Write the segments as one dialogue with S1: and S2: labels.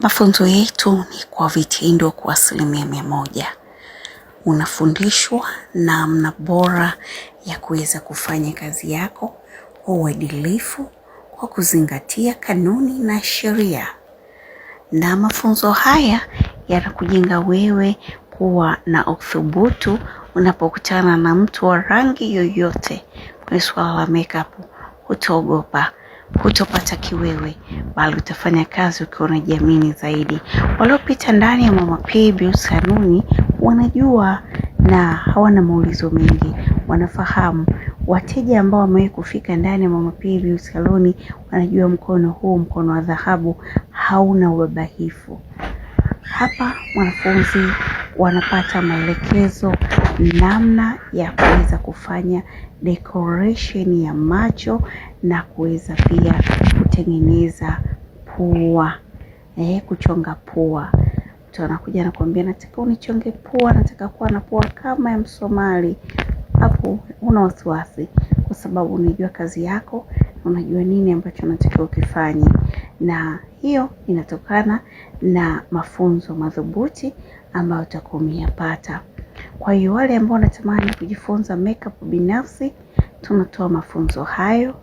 S1: Mafunzo yetu ni kwa vitendo kwa asilimia mia moja. Unafundishwa namna bora ya kuweza kufanya kazi yako kwa uadilifu kwa kuzingatia kanuni na sheria, na mafunzo haya yanakujenga wewe kuwa na uthubutu unapokutana na mtu wa rangi yoyote. Kwenye suala la makeup, hutaogopa hutopata kiwewe, bali utafanya kazi ukiwa unajiamini zaidi. Waliopita ndani ya Mama P Beauty wanajua na hawana maulizo mengi, wanafahamu wateja ambao wamewahi kufika ndani ya Mama P Beauty Saluni wanajua mkono huu, mkono wa dhahabu hauna ubabahifu. Hapa mwanafunzi wanapata maelekezo namna ya kuweza kufanya decoration ya macho na kuweza pia kutengeneza pua eh, kuchonga pua. Mtu anakuja anakuambia, nataka unichonge pua, nataka kuwa na pua kama ya Msomali. Hapo una wasiwasi, kwa sababu unajua kazi yako, unajua nini ambacho unatakiwa ukifanye, na hiyo inatokana na mafunzo madhubuti ambayo utakuwa umeyapata. Kwa hiyo wale ambao wanatamani kujifunza makeup binafsi, tunatoa mafunzo hayo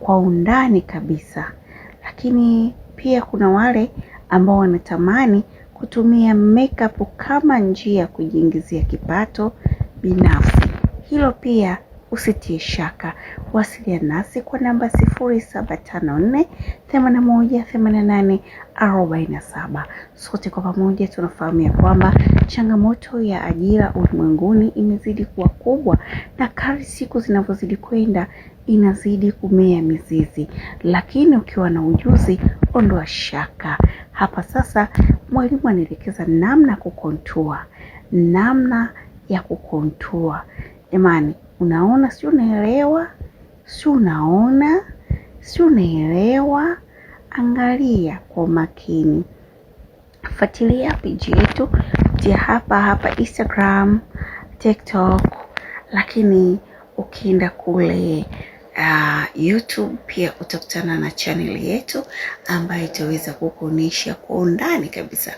S1: kwa undani kabisa, lakini pia kuna wale ambao wanatamani kutumia makeup kama njia ya kujiingizia kipato binafsi, hilo pia usitie shaka. Wasiliana nasi kwa namba 0754 Sote kwa pamoja tunafahamu ya kwamba changamoto ya ajira ulimwenguni imezidi kuwa kubwa, na kadri siku zinavyozidi kwenda inazidi kumea mizizi, lakini ukiwa na ujuzi ondoa shaka. Hapa sasa mwalimu anaelekeza namna ya kukontua, namna ya kukontua. Jamani, unaona, si unaelewa, si unaona, si unaelewa. Angalia kwa makini, fuatilia peji yetu ya hapa hapa Instagram, TikTok, lakini ukienda kule Uh, YouTube pia utakutana na chaneli yetu ambayo itaweza kukuonyesha kwa undani kabisa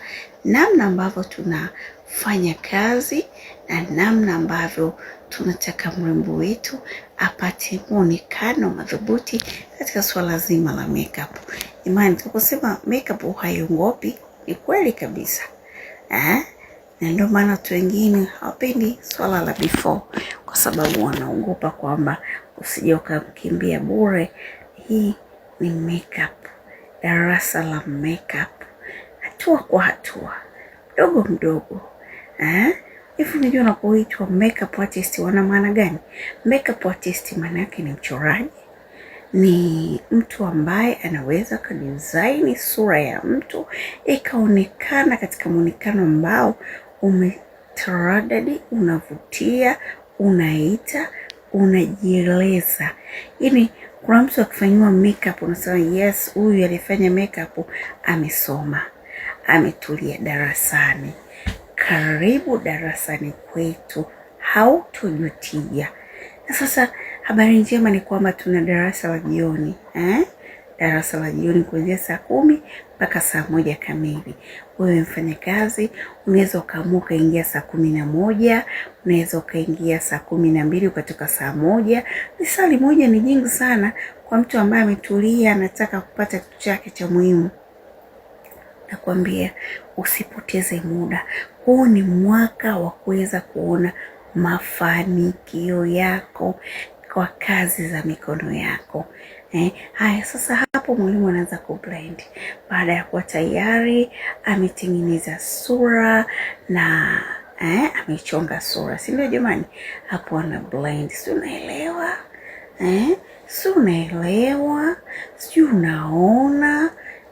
S1: namna ambavyo tuna fanya kazi na namna ambavyo tunataka mrembo wetu apate mwonekano madhubuti katika swala zima la makeup. Imani, tukusema makeup haiongopi ni kweli kabisa eh? Na ndio maana watu wengine hawapendi swala la before, kwa sababu wanaogopa kwamba usije ukamkimbia bure. Hii ni makeup, darasa la makeup, hatua kwa hatua, mdogo mdogo Eh? Hivi unajua unapoitwa makeup artist wana maana gani? Makeup artist maana yake ni mchoraji, ni mtu ambaye anaweza akadesaini sura ya mtu ikaonekana katika mwonekano ambao umetaradadi, unavutia, unaita, unajieleza. Yaani kuna mtu akifanyiwa makeup unasema yes, huyu aliyefanya makeup amesoma, ametulia darasani karibu darasani kwetu, hautojutia. Na sasa habari njema ni kwamba tuna darasa la jioni eh? Darasa la jioni kuanzia saa kumi mpaka saa moja kamili. Wewe mfanyakazi unaweza ukaamua ukaingia saa kumi na moja unaweza ukaingia saa kumi na mbili ukatoka saa moja misali moja ni jingi sana kwa mtu ambaye ametulia, anataka kupata kitu chake cha muhimu nakwambia usipoteze muda. Huu ni mwaka wa kuweza kuona mafanikio yako kwa kazi za mikono yako. Eh, haya sasa, hapo mwalimu anaanza kublend baada ya kuwa tayari ametengeneza sura na eh, amechonga sura, si ndio jamani? Hapo ana blend, si unaelewa eh? si unaelewa, sijui unaona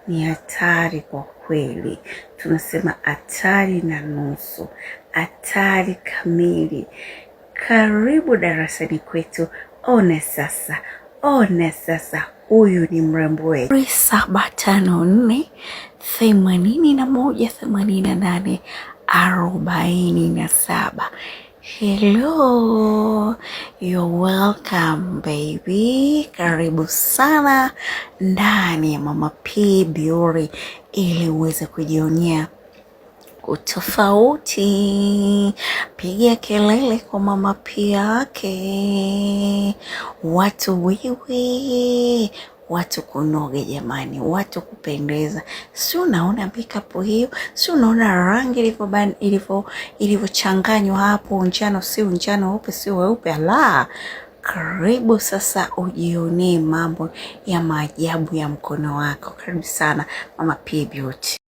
S1: ni hatari kwa kweli, tunasema hatari na nusu, hatari kamili. Karibu darasani kwetu, one sasa, one sasa, huyu ni mrembo wetu. nane arobaini na saba Hello, you're welcome baby, karibu sana ndani ya Mama P Beauty ili uweze kujionea utofauti. Piga kelele kwa Mama P yake, watu wiwi watu kunoge, jamani, watu kupendeza. Si unaona makeup hiyo, si unaona rangi ilivyo ilivyo ilivyochanganywa hapo, njano si njano, weupe si weupe. Ala, karibu sasa ujionee mambo ya maajabu ya mkono wako. Karibu sana Mama P Beauty.